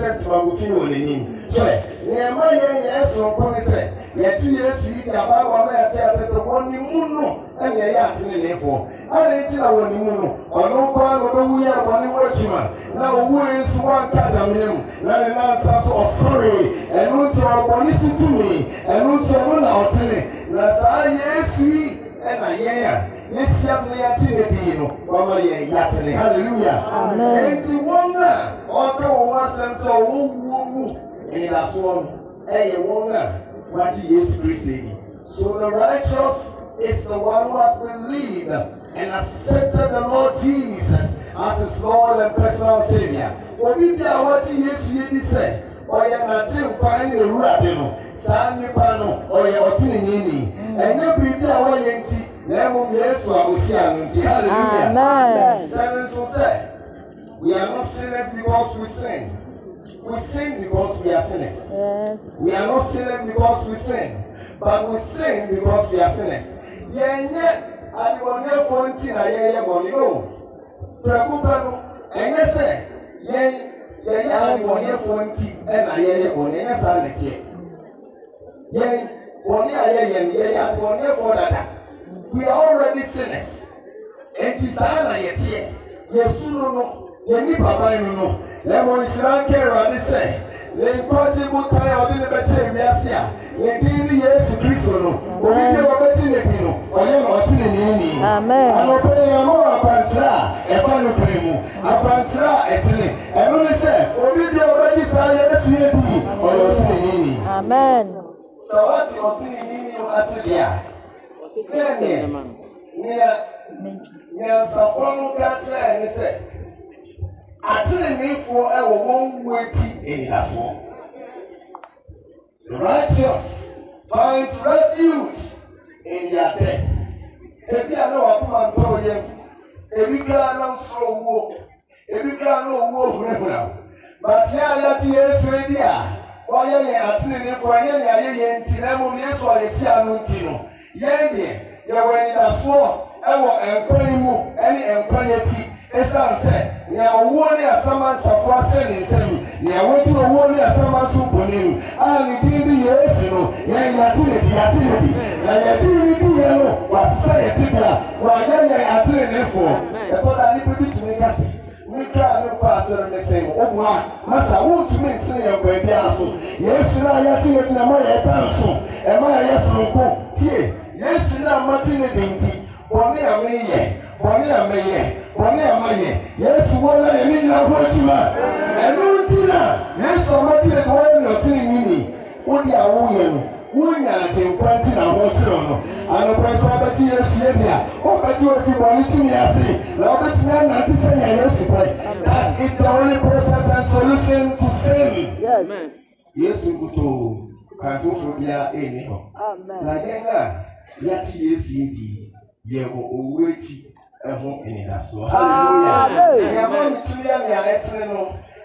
sɛ tubabufi wɔ n'anim hwɛ nneɛma yɛn yɛn soronko ne sɛ yɛtu yesu yi de abaawa ma yɛte ase sɛ wɔ ne mu no ɛna ɛyɛ ateneneefoɔ ɛna ti na wɔ ne mu no ɔno koraa na ɔbɛwu yɛ abɔ ne ho adwuma na owu yi nso wanka adamena mu na ne nansa so ɔsɔre ɛno nti ɔbɔ ne si tumi ɛno nti ɔno ne hyia mu ne yɛakye ne dii no wɔma yɛn yɛatene halleluya enti wɔn a ɔka wɔn asɛm sɛ wɔn wuo mu anidasoɔ no ɛyɛ wɔn a wɔakye yesu kristo yi so the righteous is the one who has believed and accepted the lord jesus as his lord and personal saviour obi bi a wɔakye yesu yi bi sɛ ɔyɛ nate nkwan ne ewurade no saa nnipa no ɔyɛ ɔtene nini ɛnyɛ mm. biribi a wɔyɛ nti na mmom yesu a hallelujah hyɛn nso we are not sinners because we sin we sin because we are sinners yes. we are not sinners because we sin but we sin because we are sinners yɛn nyɛ adibɔnɛfoɔ nti na yɛn yɛ bɔnne no prɛko pɛ no ɛnyɛ sɛ yɛn yɛyɛ adibɔnɛfoɔ nti ɛna yɛn yɛ bɔnne ɛnyɛ saa nɛteɛ yɛn bɔnne a yɛyɛ no yɛyɛ adibɔnɛfoɔ dada we are already sinners eti saa na yɛteɛ yɛsunu no yɛni baban no no lɛmɔ nhyira nkɛrɛ ɔde sɛ ne nkɔgye mu kwan a ɔde ne bɛkyerɛ wiase a ne din ne yesu kristo no obi bi a ɔbɛkyi ne bi no ɔyɛ na ɔte ne ne ni anɔpɛrɛ yɛn mo wɔ abankyerɛ a ɛfa no pere mu abankyerɛ a ɛtene ɛno ne sɛ obi bi a ɔbɛgye saa yɛ bɛso yɛ bi ɔyɛ ɔte ne ne ni sɛ wɔte ɔte ne ne ni no ase deɛ a ne nea nyansafo no ka kyerɛ the righteous find refuge in their death ebi a na wakoma ntɔn yam ebi kura na nsoro wuo ebi kura na owuo hunahuna bate a yɛte yɛn so ebi a wɔyɛ yɛn ateneneefoɔ yɛn yɛn ayɛ yɛn ti na mu yɛn so ɔyɛ hyia no ti no. yɛn yɛwɔ anidasoɔ ɛwɔ mpere mu ɛne mpere akyi ɛsan sɛ nea owuo ne asamansafo ahyɛ ne nsam nea wɔdi ne a ne din bi yɛ esi no yɛn yɛakye ne di yɛakye ne di na yɛakye ne di yɛ no yɛ ti bia wɔanyɛ yɛn ne ɛtɔ da nipa bi tumi ne kɔ asɛrɛ ne a masa ebi aso yɛn esi na ne bi na ɛma yɛ ɛma yɛ tie. yesu na mmate ne de nti bɔne a meyɛ bɔne a meyɛ bɔne a meyɛ yesu wɔ na yɛ ne nyina ho adwuma ɛno nti na yesu ɔmmate ne de wɔde na ɔsene nyini wode a woyɛ no wonya agyenkwa nti na ho serɛ no anɔpɛ sɛ wobɛgye yesu yɛ bia wobɛgye ofi bɔne tumi ase na wobɛtumi anante sɛnea yesu pɛ that is the only process and solution to sin yes. yesu nkutoo kantofoɔ biara ɛnni hɔ na yɛn a yɛate yesu yi di yɛwɔ owuo akyi ho anidasoɔ hallelujah nyama mitumi yɛ nea ɛtene no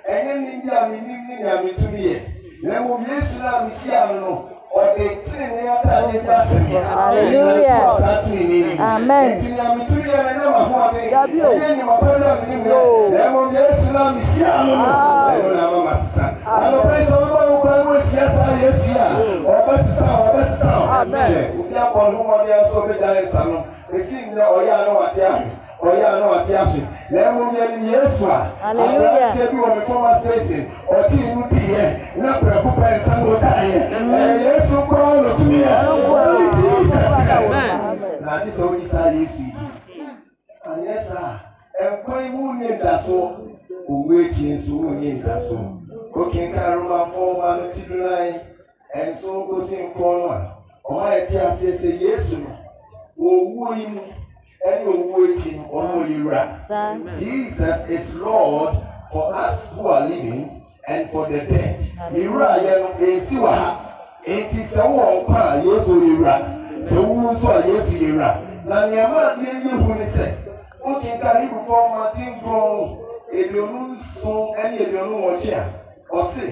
ɛnyɛ ne bi a menim ne nea mitumi yɛ na mmom yesu no a mehyia no no ɔde tenene atade bi ahyɛ me hallelujah saa tenene ni amen nti nea mitumi yɛ no ɛnyɛ mahoɔden ɛnyɛ nimapɛ no a menim yɛ na mmom yesu no a mehyia no no ɛno na ama masesa anɔpɛ sɛ wobɛma wo kora no ahyia saa yesu a ɔbɛsesa hɔ nsa amen obi akɔnu wɔn yɛ nso bi da nsa no esi nnɛ ɔyɛ ano wate ahwe ɔyɛ ano wate ahwe na ɛmu yɛ no yesu a aberanteɛ bi wɔ ne former station ɔte inu di yɛ na prɛko pɛ nsa na ɔta yɛ ɛyɛ yesu kura no tumi yɛ ɔyɛ jesus ka yɛ na adi sɛ ɔyɛ saa yesu yi anyɛ saa nkwan mu nye da so owu ekyi nso mu nye da so okenka roman fɔm ma no ti do nan nso nkosi nkɔn no wɔn a yɛte aseɛ sɛ yesu no owuo yi mu ɛne owuo akyi jesus is lord for us who are living and for the dead ewura yɛ no esi wɔ ha eti sɛ wɔn kɔ a yesu oyi wura sɛ wuo nso a yesu oyi wura na nneɛma a deɛ yɛ hu ne sɛ wokinka hebrew fɔ martin brown eduonu nson ɛne eduonu wɔtwe a ɔsi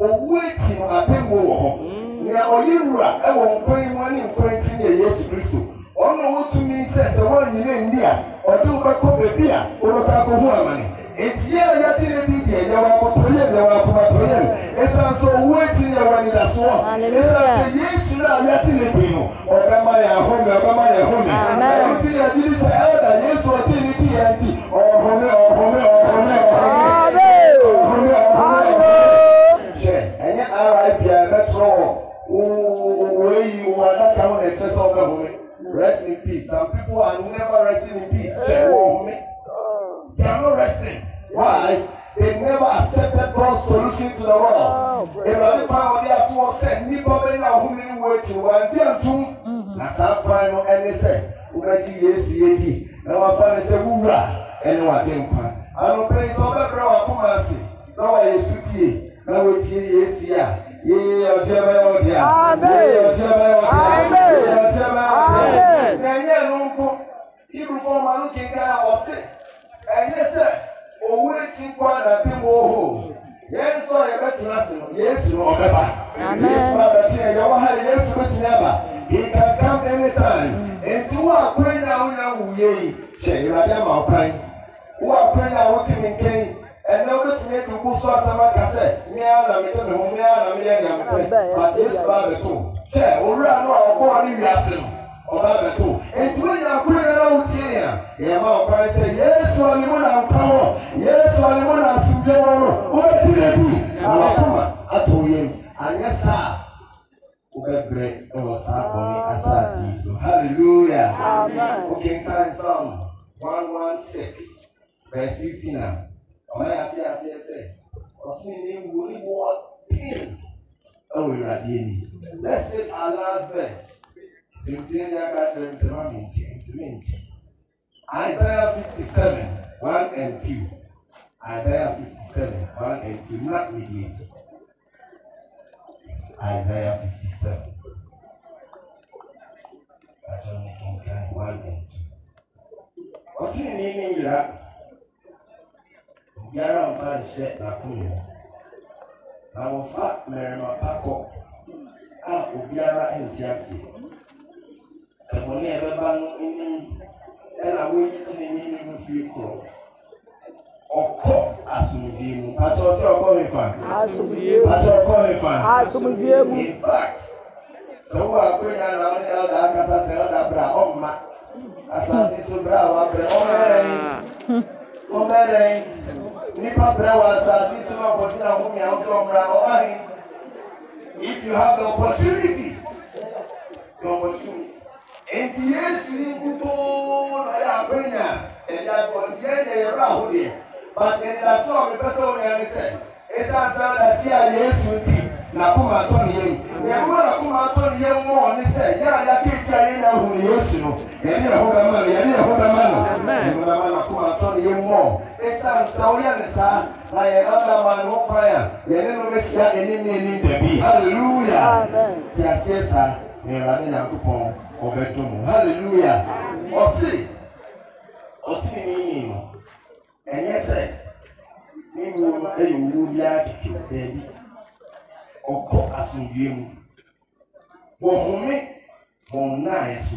owu ekyi no atemmo wɔ nea ɔyɛ wura ɛwɔ nkwan mu ne nkwan ti yɛ yesu kristo ɔno wotumi sɛ sɛ wɔnyina nni a ɔde wobɛkɔ baabi a wobɛkɔ akɔhu amane eti yɛ yɛte ne bi deɛ yɛwɔ akɔtɔ yɛm yɛwɔ akɔmatɔ yɛm esan so owó eti yɛwɔ anidasoɔ esan sɛ yesu na yɛte ne bi no ɔbɛma yɛ ahome ɔbɛma yɛ ahome ɛno ti yɛ gyi sɛ ɛda yesu ɔte ne bi yɛ nti ɔwɔ home ẹ̀ṣẹ̀ sọ ọbẹ̀ rest in peace some people are never resting in peace ṣe wọ wọmi they are not resting why they never accepted God's solution to the world ìrọ̀lẹ́ pa ọdẹ àtúwọ̀ sẹ́ nípa bẹ́ẹ̀ náà ọ̀hún nínú wo ekyir wà ntí ẹ̀tún na saa kwan no ẹni sẹ́ wọ́bẹ̀kyi Yesu yẹ di na wọ́n afa ne sẹ́ wúwúrà ẹni wà dé mpa ànọ́pẹ́ yìí sọ ọbẹ̀ bẹ̀rẹ̀ wà kọ́mọ̀ àsè na wà Yesu tie na wọ́n tie Yesu yẹ a na ɛnyɛ yẹn na wọn ti mi kẹ́yìn ɛnɛ wobɛtumi adi wogu so asɛm aka sɛ mea na medɔ me ho mea na meyɛ nea mepɛ but yesu baa bɛto hwɛ owura no a ɔbɔɔ ne wiase no ɔba bɛto enti wonya koro yɛ na wotie yɛ a yɛma ɔkware sɛ yesu ɔne mu na nkwa wɔ yesu ɔne mu na asomdwe wɔ no wobɛtumi adi na wakoma ato wo yam anyɛ saa wobɛbrɛ ɛwɔ saa bɔne asase yi so hallelujah wokenkan psalm 116 verse 15 a ɔyɛ ate aseɛ sɛ ɔsene ne wuo ne boɔ den ɛwɔ awurade ani let's take our last verse aka kyerɛ nsɛm ame nkyɛn ntumi nkyɛn isaiah fifty seven one and two isaiah fifty seven one and two na mede esi isaiah fifty seven akyerɛ ne kenkan one and two ɔsene ne ne yira. obiara mfa na n'akonnwa na wɔfa mmarima pakɔ a obiara nte ase sɛ a ɛbɛba no anim ɛna wɔyi tene ne ne mu korɔ ɔkɔ asomdwe mu pakyɛw sɛ ɔkɔ me fa ɔkɔ mu in fact sɛ wowɔ akonnwa na ọ ɛlda akasa sɛ ɛlda brɛ ɔmma asase so ɔbɛrɛn nipa brɛ wɔ asaase so na ɔbɔdze na ɔmo mìíràn so ɔmra ɔbahe if you have the opportunity the opportunity nti yesu yi nkutoo na ɔyɛ akonya ɛdi ato nti yɛn na yɛrɛ ahodeɛ but ndaso a ɔmo pɛ sɛ ɔmo yɛn sɛ esan sɛ ndasi a yesu ti na kuma atɔ ne yɛn yɛn mu na kuma atɔ ne yɛn mu ɔne sɛ yɛn a yɛaka ekyi a yɛn na ehu ne yesu no yɛn ne ɛho bɛma no yɛn ne ɛho bɛma no yɛn mu bɛma na kuma yɛmmɔ ɛsiane sɛ woyɛ ne saa na yɛn adama ne ho kwan a yɛne no bɛhyia anim ne anim dabi halleluya te aseɛ saa awurade nyankopɔn ɔbɛdɔ mu halleluya ɔse ɔtee ne yini no ɛnyɛ sɛ ne wuo no e ɛyɛ owuo biara kekew baabi ɔkɔ asomdue mu wɔhome wɔn nnaeɛ so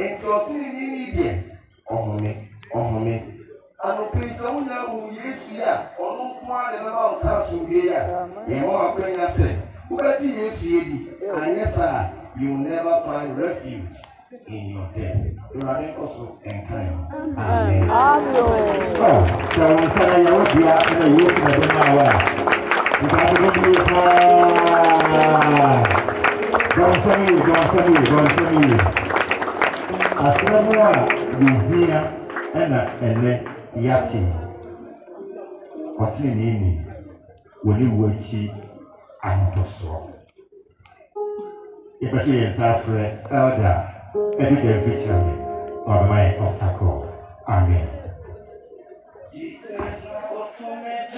nti ɔsini ni ni deɛ ɔhome ɔhome anopinsa nyinaa mu yesu yɛ a ɔno na ɛbɛma nsa so wie yɛ a yɛn wɔn akɔnya yesu yɛ di saa you will never find refuge in your death ewurade nkɔ so nkan yi amen. ɔ sɛ wɔn nsa yɛ wɔn dua ɛna yesu na ɛbɛma awɔ a ntaade bɛ bi paa gbɔnsɛn yi gbɔnsɛn yi gbɔnsɛn yi asɛm a yɛhia ɛna ɛnɛ yɛate ɔteneneeni wɔne wo akyi ahotosoɔ yɛbɛto yɛn nsa afrɛ elda ɛne da mfi kyerɛ ɔbɛma yɛ ɔtakɔ amen Jesus, I to meet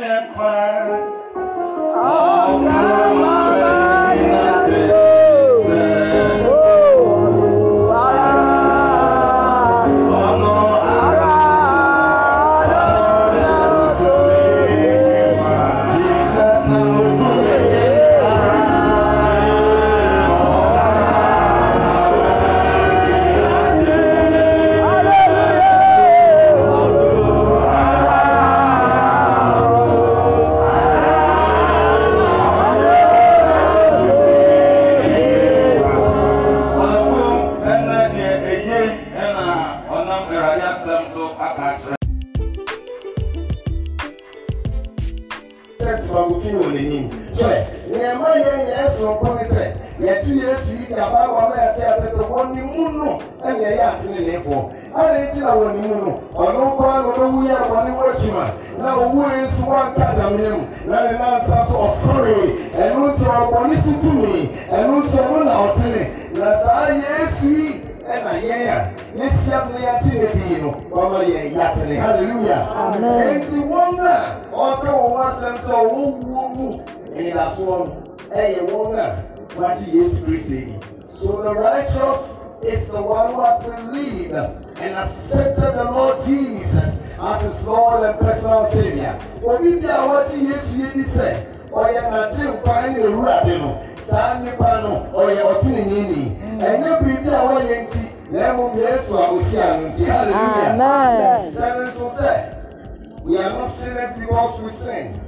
you. sɛ tubankofin wɔ n'anim hwɛ nneɛma yɛn yɛn soronko ne sɛ yɛtu yesu yi de abaawa ma yɛte ase sɛ wɔn ne mu no ɛna ɛyɛ ateneneefoɔ ɛna eti na wɔn ne mu no ɔno koraa na ɔbɛwu yɛ wɔn ne ho adwuma na owu yi nso wanka adamina mu na ne nan nsa so ɔsɔre ɛno nti ɔbɔ ne si tumi ɛno nti ɔno na ɔtene na saa yesu yi ɛna e yɛn a yɛhyia no na yɛakye ne dii no wɔma yɛ yɛatene halleluya enti wɔn a ɔka wɔn asɛm sɛ wɔwuo mu anidasoɔ no ɛyɛ wɔn a wɔakye yesu kristo yi so the righteous is the one who has believed and accepted the Lord Jesus as his Lord and personal Savior. Obi bi a wɔte Yesu yi bi sɛ ɔyɛ nate nkwan ne ewurade no saa nnipa no ɔyɛ ɔte ne nini. Ɛnyɛ biribi a wɔyɛ nti na mmom yesu a ohyia no hallelujah hyɛ no nso we are not sinners because we sin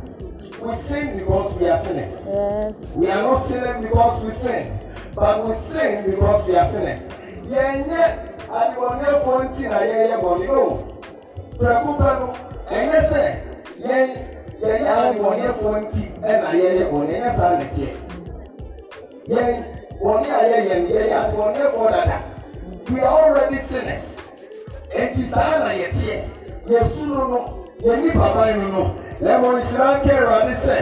we sin because we are sinners yes. we are not sinners because we sin but we sin because we are sinners yɛnyɛ adebɔnefoɔ nti na yɛyɛ bɔne no prɛko pɛ no ɛnyɛ sɛ yɛn yɛyɛ adebɔnefoɔ nti ɛna e yɛyɛ bɔne ɛnyɛ saa nɛteɛ yɛn bɔne a yɛyɛ no yɛyɛ adebɔnefoɔ dada we are already sinners eti saa na yɛteɛ yɛsu no no yɛni baban no no lɛmɔ nhyira nka awurade sɛ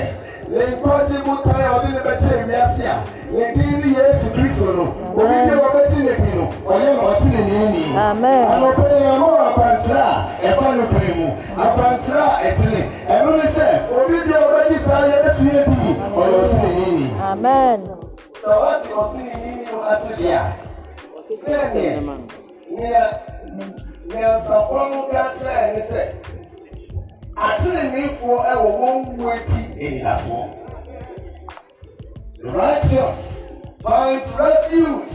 ne nkwagye mu kwan a ɔde ne bɛkyɛ wiase a ne ne yesu kristo no obi bi a wɔbɛkyi ne bi no ɔyɛ ma ɔte ne ne ni anɔpɛrɛ yɛn ho wɔ akwankyerɛ a ɛfa no pere mu akwankyerɛ a ɛtene ɛno ne sɛ obi bi a wɔbɛgye saa yɛbɛso yɛ bi ɔyɛ ɔte ne ne ni sɛ wɔte ɔte ne ne ni no ase deɛ bẹ́ẹ̀ ni nyansafo no bi akyerɛ ɛni sɛ atirinifoɔ ɛwɔ righteous finds refuge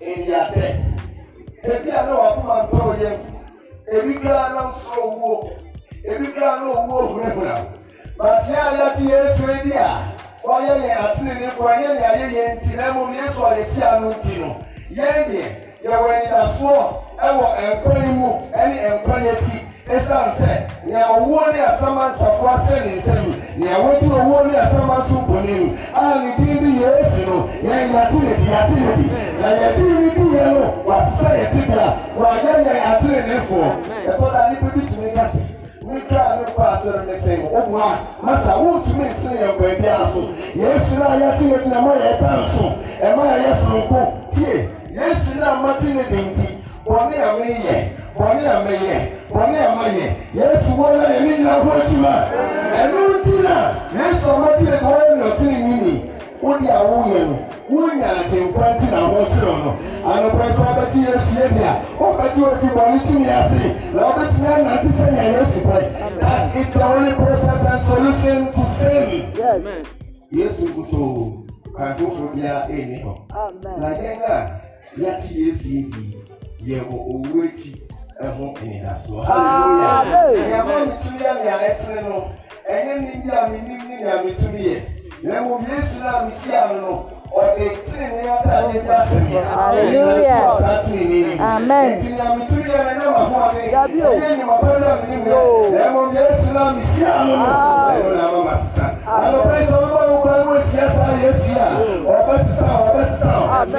in their death ebi a na wakoma ntɔn yɛm ebi kura na nsoro owuo ebi kura na owuo hunahuna bàtí a yàtí yẹn so ebi a wɔyɛ yɛn atirinifoɔ ɛyɛ yɛn ayɛ yɛn ti na ɛmu yɛn so ɔyɛ hyia ti no. yɛn yɛwɔ anidasoɔ wɔ nkwa mu ne nkwa akyi ɛsiane sɛ nea ɔwuo ne asamansafo ahyɛ ne nsam nea wɔdi ɔwuo ne asamanso bɔne mu a ne din bi no yɛn yɛte ne di na yɛte ne di yɛ no wɔasesa yɛte wa wɔanyɛ yɛn atenenefoɔ ɛtɔ da nipa bi tumi a ne sɛn a masa na ma yɛ ɛda nso ɛma yɛyɛ soronko yesu na mmati ne bi nti bɔne a meyɛ bɔne a meyɛ bɔne a meyɛ yesu wɔn a yɛne nyina ho adwuma ɛno nti na yesu ɔmmati ne bi wɔyɛ nɔse ne nyini wode a woyɛ no wonya agyenkwa nti na ho serɛ no anɔpɛ sɛ wobɛgye yesu yɛ bi a wobɛgye wɔfi bɔne tumi ase na wobɛtumi anante sɛnea yesu pɛ that is the only process and solution to sin yes. yesu kutoo kwan foforɔ biara ɛnni hɔ na yɛn a yɛate yesu yi di yɛwɔ owuo akyi ɛho anidasoɔ hallelujah nyama mitumi yɛ nea ɛtene no ɛnyɛ ne bi a menim ne nea mitumi yɛ na mmom yesu no a mehyia no no ɔde tenenee atade bi ahyɛ me hallelujah saa tenenee yi amen nti nea mitumi yɛ no ɛnyɛ mahoɔden ɛnyɛ nimapɛ no a menim yɛ na mmom yesu no a mehyia no no ɛno na ama masesa anɔpɛ sɛ mu ehyia saa yesu a ɔbɛ sisa ɔbɛ sisa obi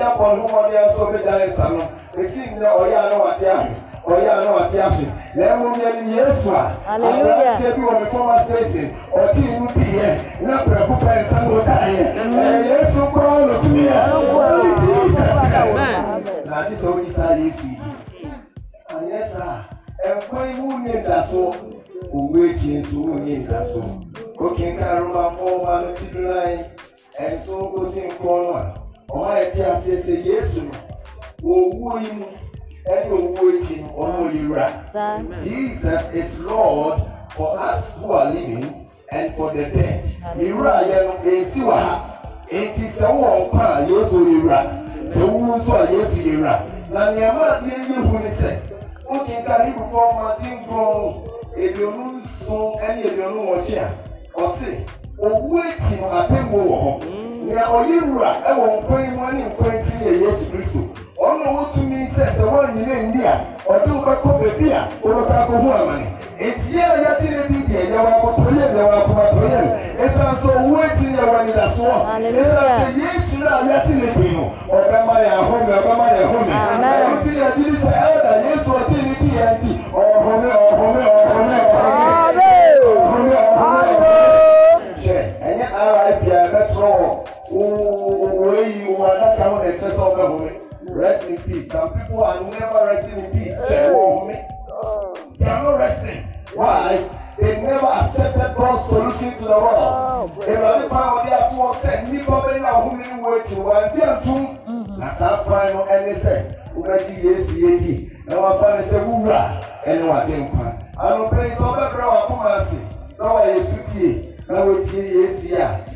abɔ ne ho ɔde nso bi da nsa no esi nnɛ ɔyɛ ano wate ahwe ɔyɛ ano ɔte ahwe na ɛmu mmienu ni yesu a aberanteɛ bi wɔ ne fɔma station ɔte inu pii yɛ na prɛko pɛ nsa na ɔta yɛ ɛyɛ yesu kura ɔno tumi yɛ ɔne ti yi sɛsɛ na adi sɛ ɔdi saa yesu yi anyɛ saa ɛnkwan mu ne da so owu ekyi nso mu ne da so okenka arụmafọ mmanụ tidoro anyị ẹnso ngosi nke ọnụ a ọma eti ase ese yesu owu imu ẹni owu echi ọmọ yira jesus is lord for us who are living and for the dead yira yẹn no esi wà ha eti sẹ wọ nkwa a yesu yira sẹ wu nso a yesu yira na nneɛma deɛ yɛ hu ne sɛ okenka hebrew fɔ ɔmo ati nkron eduonu nson ɛne eduonu wɔtwe a ɔsi owu ekyi no apemu wɔ hɔ mm. nea ɔyɛ wura ɛwɔ nkwan mu ɛne nkwan ti yɛ yesu kristo ɔno wotumi sɛ sɛ wɔnyina nni a ɔde wobɛkɔ baabi a wobɛkɔ akɔhu amane eti yɛ a yɛte ne bi deɛ yɛwɔ akɔtɔ yɛm yɛwɔ akɔmatɔ yɛm ɛsan so owu ekyi ne yɛwɔ anidasoɔ ɛsan sɛ yesu no a yɛte ne bi no ɔbɛma yɛ ahome ɔbɛma yɛ home ɛno ti yɛ gyi sɛ ɛda yesu ɔte ne bi yɛ nti ɔhome ɔhome ɔhome ɔhome were that kind of church of the home. Rest in peace. Some people are never resting in peace. Hey. They are not resting. Why? They never accepted God's solution to the world. Ìrọ̀lẹ́ pa àwọn ọdẹ àti wọn sẹ́ nípa bẹ́ẹ̀ náà ọ̀hún nínú wo ètò wa ntí ẹ̀tún. Nàṣà kwan no ẹni sẹ́ wọ́bẹ̀kyi Yéésù yé di ẹ̀ wọ́n afa ni sẹ́ wúwúrà ẹni wà dé nkwa. Àlùpẹ̀ yìí sọ ọ́ bẹ́ẹ̀ bẹ̀rẹ̀ wà kọ́mọ̀ àsè náà wà Yéésù tiẹ̀ náà wọ́n tiẹ̀ Yéésù yà.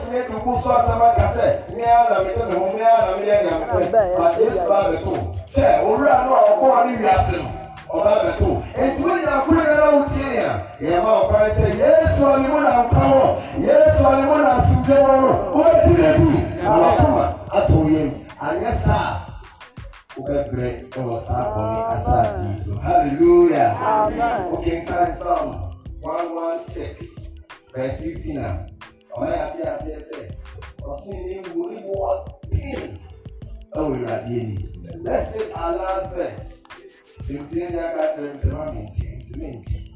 wobɛtumi adugu so asɛm aka sɛ mea na mede me ho mea na mede nea mepɛ but yesu baa bɛto hwɛ owura no a ɔbɔɔ ne wiase no ɔba bɛto nti wo nyina koro yɛn a wotie yɛ yɛma ɔpare sɛ yesu ɔne mu na nkwa wɔ yesu ɔne mu na asomdwe wɔ no wobɛti na bi na wakoma ato wo yam anyɛ saa wobɛbrɛ ɛwɔ saa bɔne asase yi so halleluya wokenkan psalm 116 verse 15 a ɔma yɛ ate aseɛ sɛ ɔtene ne wuo ne mu ɔden ɛwɔ awurade ani let's take our last verse fifteen yɛ aka kyerɛ sɛ ma me nkyɛn ntumi nkyɛn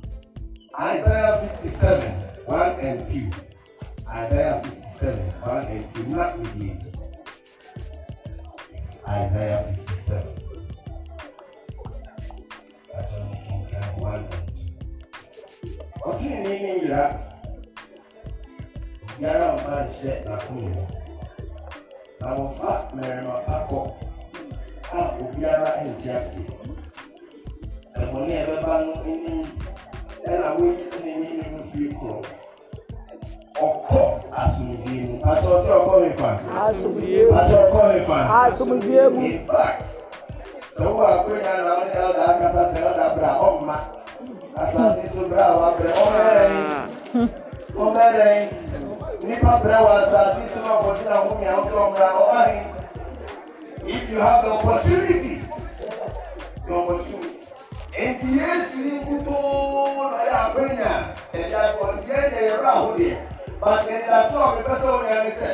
isaiah 57. seven one and two isaiah fifty seven one and two na ebiesi isaiah fifty seven akyɛ mo kankan one and two ɔtene ne ne yira biara mfa nhyɛ n'akoma mu awofa mmarima akɔ a obiara nte ase sɛ bɔne a ɛbɛba no anim ɛna woyi tenani ne ho firi korɔ ɔkɔ asomdwie mu akyɛ sɛ ɔkɔ me fa akyɛ ɔkɔ me fa asomdwie mu in fact sɛ wowɔ akonya na wone ɛlda akasa sɛ ɛlda brɛ a ɔmma asase so brɛ a wabrɛ ɔmɛrɛn ɔmɛrɛn nipa brɛ wɔ asase so na ɔbɔdze na ɔmo nyinaa so ɔmo if you have the opportunity the opportunity nti yesu yi kuto na ɔyɛ akwanya ɛdi ato nti ɛna ɛyɛrɛ aho deɛ but ndaso a mepɛ sɛ ɔmo yɛ sɛ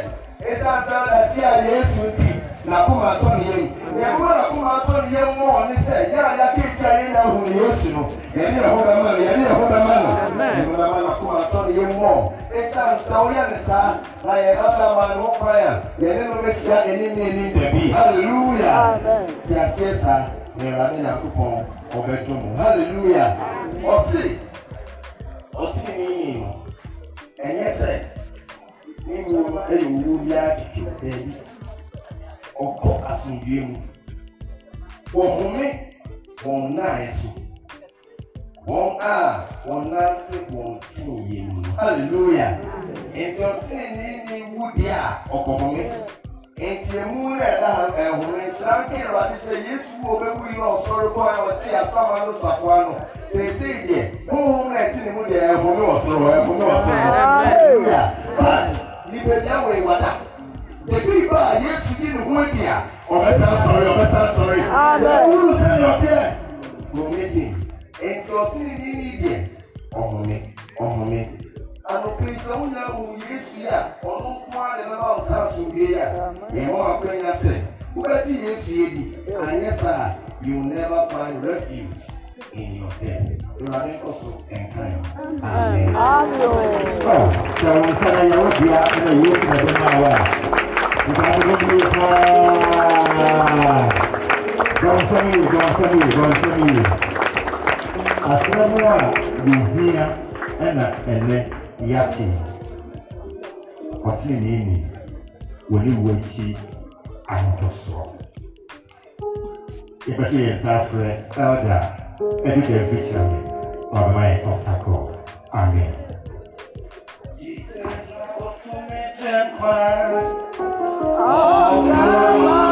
esan san dasi a yesu nti na kuma atɔ ne yɛm ɛmu na kuma atɔ ne yɛm mu ɔne sɛ yɛ a yɛ akekyia yɛ na ahu ne yesu no yɛne ɛho bɛma no yɛne ɛho bɛma no yɛne ɛho bɛma no yɛ mmɔ ɛsan sa woyɛ na yɛ adaman ho kwan a yɛne no bɛhyia anim ne anim dabi halleluya te aseɛ saa na awurade nyankopɔn ɔbɛdɔ mu halleluya ɔse ɔtee ne yini no ɛnyɛ sɛ ne wuo no ɛyɛ owuo biara keke baabi ɔkɔ asomdue mu wɔhome wɔn nnaeɛ so wọ́nká wọ́nná tí wọ́n ti yé hallelujah ní wúdi a ọkọọmọmi nti emu rẹ da ẹhùn eh, nhyira nkiri adi sẹ yesu wo bẹwu yi náà sọrọ kọ ẹ ọtí asama ló sàfọ ano sèse deɛ hóhùn rẹ ti ni eh, mi eh, mi hallelujah but tẹbi ìbá yesu ni nti ɔsini ni ni deɛ ɔhome ɔhome anopinsa wona mu yesu yi a ɔno nko ara na ɛbɛma wo saa asomdwe yi a yɛwɔ akwanya sɛ wobɛgye yesu yi adi anyɛ saa you will never find refuge in your death awurade nkɔ so nka yɛ amen sɛ wo nsa na yɛwo dua na yesu na ɛbɛma wo a nkɔmɔdɔmdie paa gɔnsɛm yi gɔnsɛm yi gɔnsɛm yi asɛm a yɛhia ɛna ɛnɛ yɛate ɔteneneeni wɔne wɔakyi ahotɔsoɔ yɛbɛto yɛn nsa afrɛ elda ɛne da mfi kyerɛ me ɔma yɛ ɔtakɔ amen Jesus, I want to meet you. Oh, come on.